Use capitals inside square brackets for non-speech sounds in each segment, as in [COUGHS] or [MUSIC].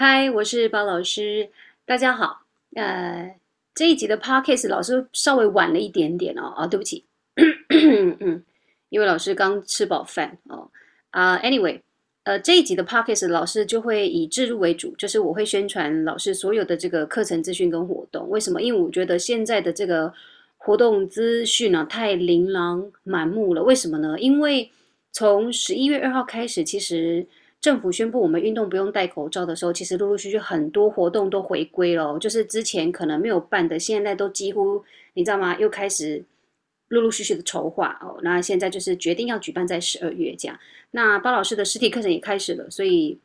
嗨，Hi, 我是巴老師，大家好。呃，這一集的 podcast 老師稍微晚了一點點哦，啊，對不起，嗯， [COUGHS] 因為老師剛吃飽飯哦。啊，anyway，呃，這一集的 podcast 老師就會以置入為主，就是我會宣傳老師所有的這個課程資訊跟活動。為什麼？因為我覺得現在的這個活動資訊啊，太琳琅滿目了。為什麼呢？因為從十一月二號開始，其實。政府宣布我們運動不用戴口罩的時候，其實陸陸續續很多活動都回歸了，就是之前可能沒有辦的，現在都幾乎你知道嗎？又開始陸陸續續的籌劃哦。那現在就是決定要舉辦在十二月這樣。那巴老師的實體課程也開始了，所以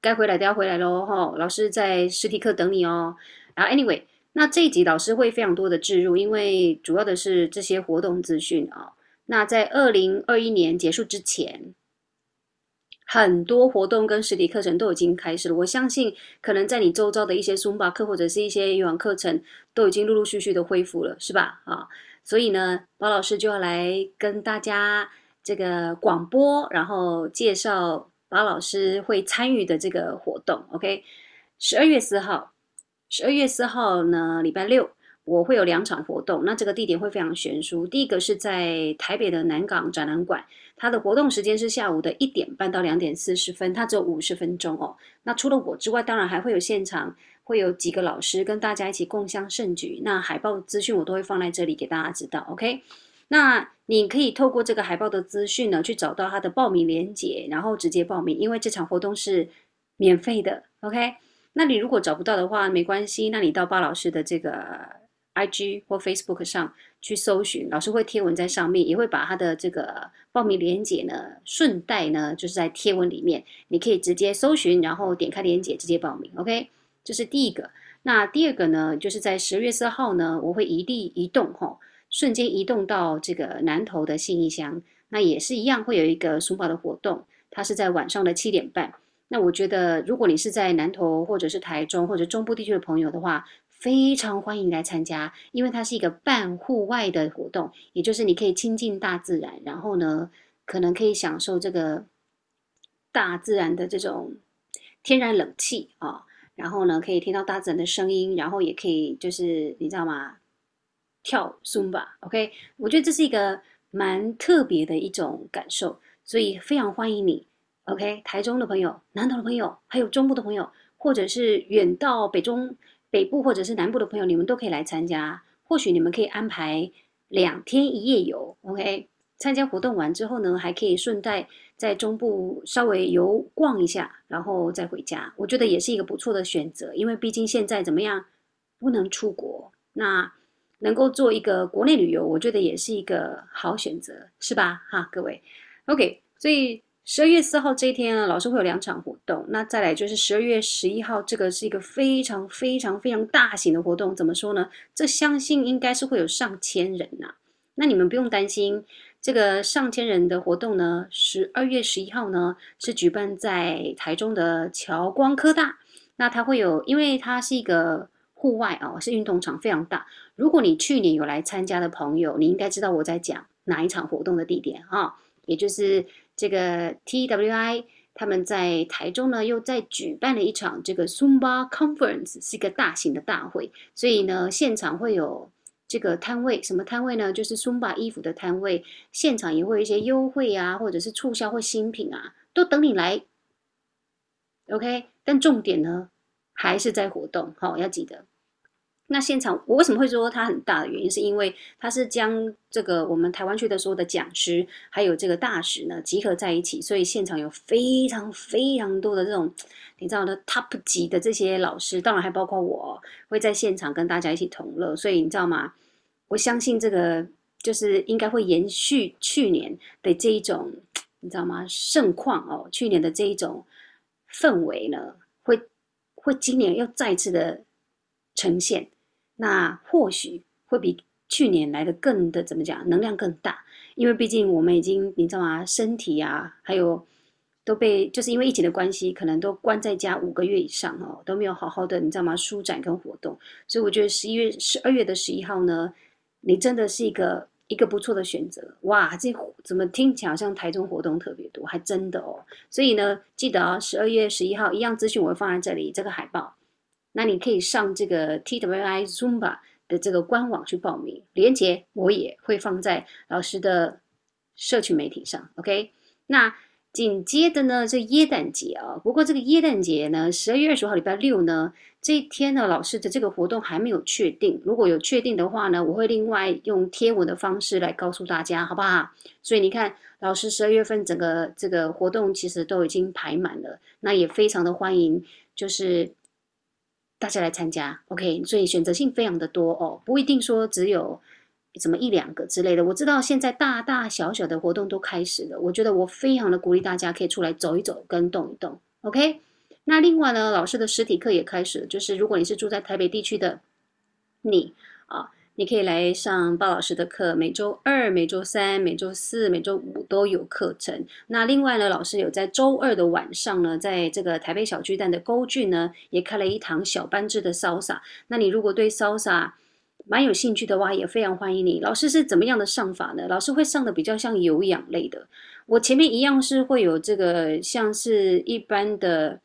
該回來都要回來嘍哈。老師在實體課等你哦。然後 Anyway，那這一集老師會非常多的置入，因為主要的是這些活動資訊啊、哦。那在二零二一年結束之前。很多活動跟實體課程都已經開始了，我相信可能在你周遭的一些 Zumba 課或者是一些語文課程都已經陸陸續續的恢復了，是吧？啊，所以呢，巴老師就要來跟大家這個廣播，然後介紹巴老師會參與的這個活動。OK，十二月四號，十二月四號呢，禮拜六我會有兩場活動，那這個地點會非常懸殊。第一個是在台北的南港展覽館。它的活動時間是下午的一點半到兩點四十分，它只有五十分鐘哦。那除了我之外，當然還會有現場會有幾個老師跟大家一起共襄盛舉。那海報資訊我都會放在這裡給大家知道，OK？那你可以透過這個海報的資訊呢，去找到它的報名連結，然後直接報名，因為這場活動是免費的，OK？那你如果找不到的話，沒關係，那你到巴老師的這個。IG 或 Facebook 上去搜尋，老師會貼文在上面，也會把他的這個報名鏈接呢，順帶呢就是在貼文裡面，你可以直接搜尋，然後點開鏈接直接報名。OK，這是第一個。那第二個呢，就是在十月四號呢，我會移地移動哈，瞬間移動到這個南投的信義鄉，那也是一樣會有一個送報的活動，它是在晚上的七點半。那我覺得，如果你是在南投或者是台中或者中部地區的朋友的話，非常歡迎來參加，因為它是一個半戶外的活動，也就是你可以親近大自然，然後呢，可能可以享受這個大自然的這種天然冷氣啊、哦，然後呢，可以聽到大自然的聲音，然後也可以就是你知道嗎？跳 Zumba OK，我覺得這是一個蠻特別的一種感受，所以非常歡迎你，OK，台中的朋友、南投的朋友，還有中部的朋友，或者是遠到北中。北部或者是南部的朋友，你們都可以來參加。或許你們可以安排兩天一夜遊，OK？參加活動完之後呢，還可以順帶在中部稍微遊逛一下，然後再回家。我覺得也是一個不錯的選擇，因為畢竟現在怎麼樣，不能出國，那能夠做一個國內旅遊，我覺得也是一個好選擇，是吧？哈，各位。OK？所以。十二月四號這一天呢，老師會有兩場活動。那再來就是十二月十一號，這個是一個非常非常非常大型的活動。怎麼說呢？這相信應該是會有上千人吶、啊。那你們不用擔心，這個上千人的活動呢，十二月十一號呢是舉辦在台中的僑光科大。那它會有，因為它是一個戶外啊、哦，是運動場非常大。如果你去年有來參加的朋友，你應該知道我在講哪一場活動的地點啊、哦，也就是。這個 TWI 他們在台中呢，又在舉辦了一場這個 Zumba Conference，是一個大型的大會，所以呢，現場會有這個攤位，什麼攤位呢？就是 Zumba 衣服的攤位，現場也會有一些優惠啊，或者是促銷或新品啊，都等你來。OK，但重點呢還是在活動，好，哦，要記得。那現場我為什麼會說它很大的原因，是因為它是將這個我們台灣區的所有的講師，還有這個大使呢集合，在一起，所以現場有非常非常多的這種你知道的 top 級的這些老師，當然還包括我會在現場跟大家一起同樂，所以你知道嗎？我相信這個就是應該會延續去年的這一種你知道嗎盛況哦，去年的這一種氛圍呢，會會今年又再次的呈現。那或許會比去年來的更的怎麼講，能量更大，因為畢竟我們已經你知道嗎，身體啊，還有都被就是因為疫情的關係，可能都關在家五個月以上哦，都沒有好好的你知道嗎，舒展跟活動，所以我覺得十一月十二月的十一號呢，你真的是一個一個不錯的選擇。哇，這怎麼聽起來好像台中活動特別多，還真的哦，所以呢，記得哦，十二月十一號一樣資訊我會放在這裡，這個海報。那你可以上這個 TWI Zumba 的這個官網去報名，鏈接我也會放在老師的社群媒體上。OK，那緊接着呢，這耶誕節啊、哦，不過這個耶誕節呢，十二月二十五號禮拜六呢，這一天呢，老師的這個活動還沒有確定。如果有確定的話呢，我會另外用貼文的方式來告訴大家，好不好？所以你看，老師十二月份整個這個活動其實都已經排滿了，那也非常的歡迎，就是。大家來參加，OK，所以選擇性非常的多哦，不一定說只有怎麼一兩個之類的。我知道現在大大小小的活動都開始了，我覺得我非常的鼓勵大家可以出來走一走，跟動一動，OK。那另外呢，老師的實體課也開始，就是如果你是住在台北地區的你啊。你可以來上巴老師的課，每周二、每周三、每周四、每周五都有課程。那另外呢，老師有在周二的晚上呢，在這個台北小巨蛋的勾聚呢，也開了一堂小班制的 salsa。那你如果對 salsa 蠻有興趣的話，也非常歡迎你。老師是怎麼樣的上法呢？老師會上的比較像有氧類的，我前面一樣是會有這個像是一般的。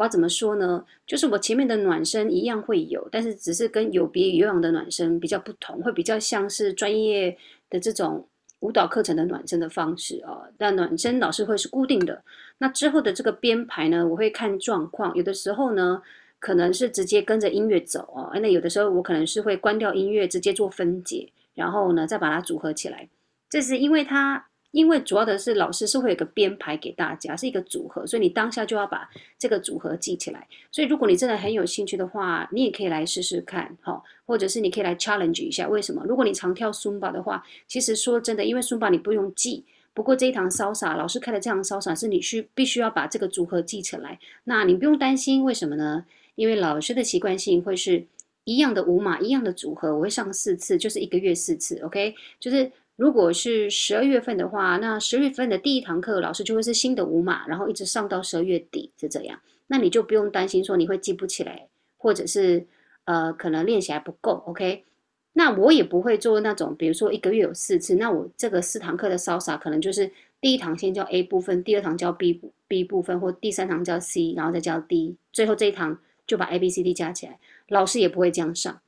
我要怎麼說呢？就是我前面的暖身一樣會有，但是只是跟有別於有氧的暖身比較不同，會比較像是專業的這種舞蹈課程的暖身的方式哦。那暖身老師會是固定的，那之後的這個編排呢，我會看狀況，有的時候呢，可能是直接跟着音樂走哦。那有的時候我可能是會關掉音樂，直接做分解，然後呢再把它組合起來。這是因為它。因為主要的是老師是會有個編排給大家，是一個組合，所以你當下就要把這個組合記起來。所以如果你真的很有興趣的話，你也可以來試試看，好，或者是你可以來 challenge 一下。為什麼？如果你常跳 Zumba 的話，其實說真的，因為 Zumba 你不用記。不過這一堂燒灑，老師開的這堂燒灑，是你需必須要把這個組合記起來。那你不用擔心，為什麼呢？因為老師的習慣性會是一樣的舞碼，一樣的組合，我會上四次，就是一個月四次，OK，就是。如果是十二月份的話，那十月份的第一堂課老師就會是新的舞碼，然後一直上到十二月底是這樣。那你就不用擔心說你會記不起來，或者是呃可能練習還不夠。OK，那我也不會做那種，比如說一個月有四次，那我這個四堂課的騷莎，可能就是第一堂先教 A 部分，第二堂教 B B 部分，或第三堂教 C，然後再教 D，最後這一堂就把 A B C D 加起來。老師也不會這樣上，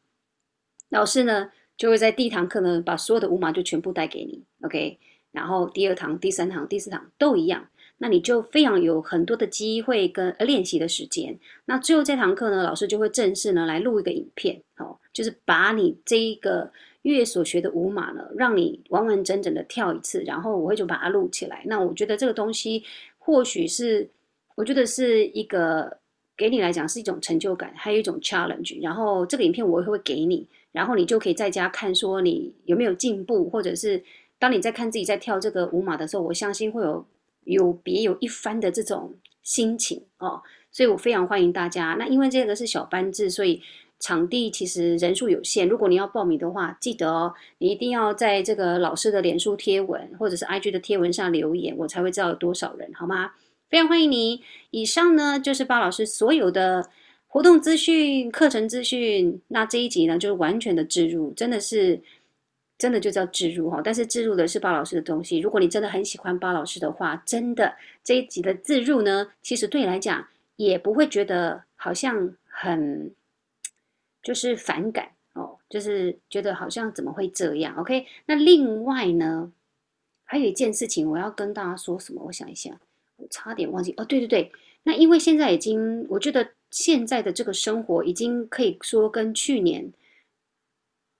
老師呢？就會在第一堂課呢，把所有的舞碼就全部帶給你，OK。然後第二堂、第三堂、第四堂都一樣，那你就非常有很多的機會跟呃練習的時間。那最後這堂課呢，老師就會正式呢來錄一個影片，哦，就是把你這一個月所學的舞碼呢，讓你完完整整的跳一次，然後我會就把它錄起來。那我覺得這個東西或許是我覺得是一個給你來講是一種成就感，還有一種 challenge。然後這個影片我也會給你。然後你就可以在家看，說你有沒有進步，或者是當你在看自己在跳這個舞碼的時候，我相信會有有別有一番的這種心情哦。所以我非常歡迎大家。那因為這個是小班制，所以場地其實人數有限。如果你要報名的話，記得哦，你一定要在這個老師的臉書貼文或者是 IG 的貼文上留言，我才會知道有多少人，好嗎？非常歡迎你。以上呢就是巴老師所有的。活動資訊、課程資訊，那這一集呢，就是完全的置入，真的是，真的就叫置入哈。但是置入的是巴老師的東西。如果你真的很喜歡巴老師的話，真的這一集的置入呢，其實對你來講也不會覺得好像很，就是反感哦，就是覺得好像怎麼會這樣？OK，那另外呢，還有一件事情我要跟大家說什麼？我想一下，我差點忘記哦，對對對，那因為現在已經我覺得。現在的這個生活已經可以說跟去年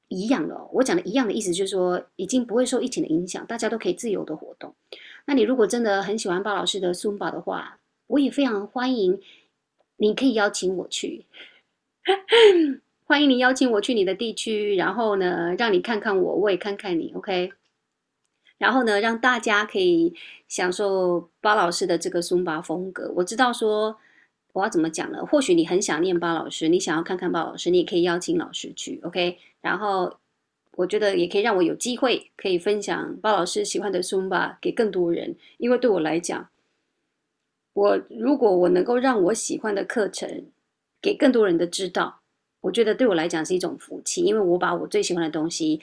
一樣了。我講的一樣的意思就是說，已經不會受疫情的影響，大家都可以自由的活動。那你如果真的很喜歡巴老師的松巴的話，我也非常歡迎，你可以邀請我去。 [LAUGHS] 歡迎你邀請我去你的地區，然後呢，讓你看看我，我也看看你，OK。然後呢，讓大家可以享受巴老師的這個松巴風格。我知道說。我要怎麼講呢？或許你很想念巴老師，你想要看看巴老師，你也可以邀請老師去，OK。然後我覺得也可以讓我有機會可以分享巴老師喜歡的 Zumba，給更多人。因為對我來講，我如果我能夠讓我喜歡的課程給更多人的知道，我覺得對我來講是一種福氣。因為我把我最喜歡的東西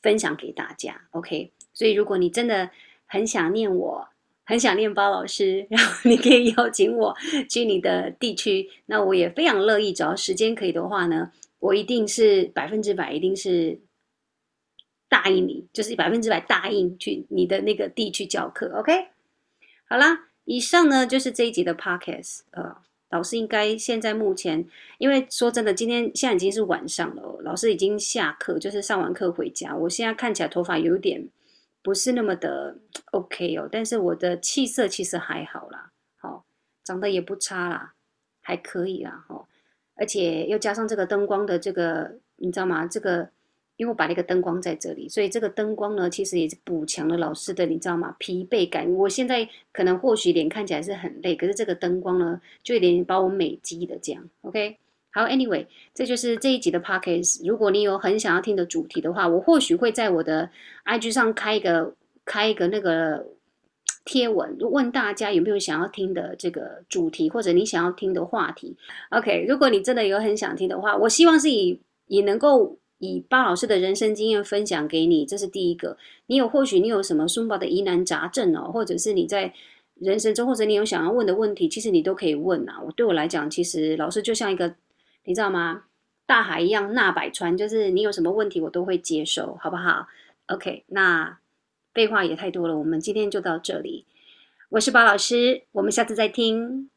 分享給大家，OK。所以如果你真的很想念我。很想念巴老師，然後你可以邀請我去你的地區，那我也非常樂意。只要時間可以的話呢，我一定是百分之百，一定是答應你，就是百分之百答應去你的那個地區教課。OK，好啦，以上呢就是這一集的 Podcast。呃，老師應該現在目前，因為說真的，今天現在已經是晚上了，老師已經下課，就是上完課回家。我現在看起來頭髮有點。不是那麼的 OK 哦，但是我的氣色其實還好啦，好、哦，長得也不差啦，還可以啦哈、哦，而且又加上這個燈光的這個，你知道嗎？這個因為我把那個燈光在這裡，所以這個燈光呢，其實也是補強了老師的，你知道嗎？疲憊感。我現在可能或許臉看起來是很累，可是這個燈光呢，就有點把我美肌的這樣，OK。好，Anyway，這就是這一集的 Podcast。如果你有很想要聽的主題的話，我或許會在我的 IG 上開一個開一個那個貼文，問大家有沒有想要聽的這個主題，或者你想要聽的話題。OK，如果你真的有很想聽的話，我希望是以也能夠以巴老師的人生經驗分享給你，這是第一個。你有或許你有什麼松柏的疑難雜症哦，或者是你在人生中，或者你有想要問的問題，其實你都可以問啊。我對我來講，其實老師就像一個。你知道嗎？大海一樣納百川，就是你有什麼問題，我都會接受。好不好？OK，那廢話也太多了，我們今天就到這裡。我是巴老師，我們下次再聽。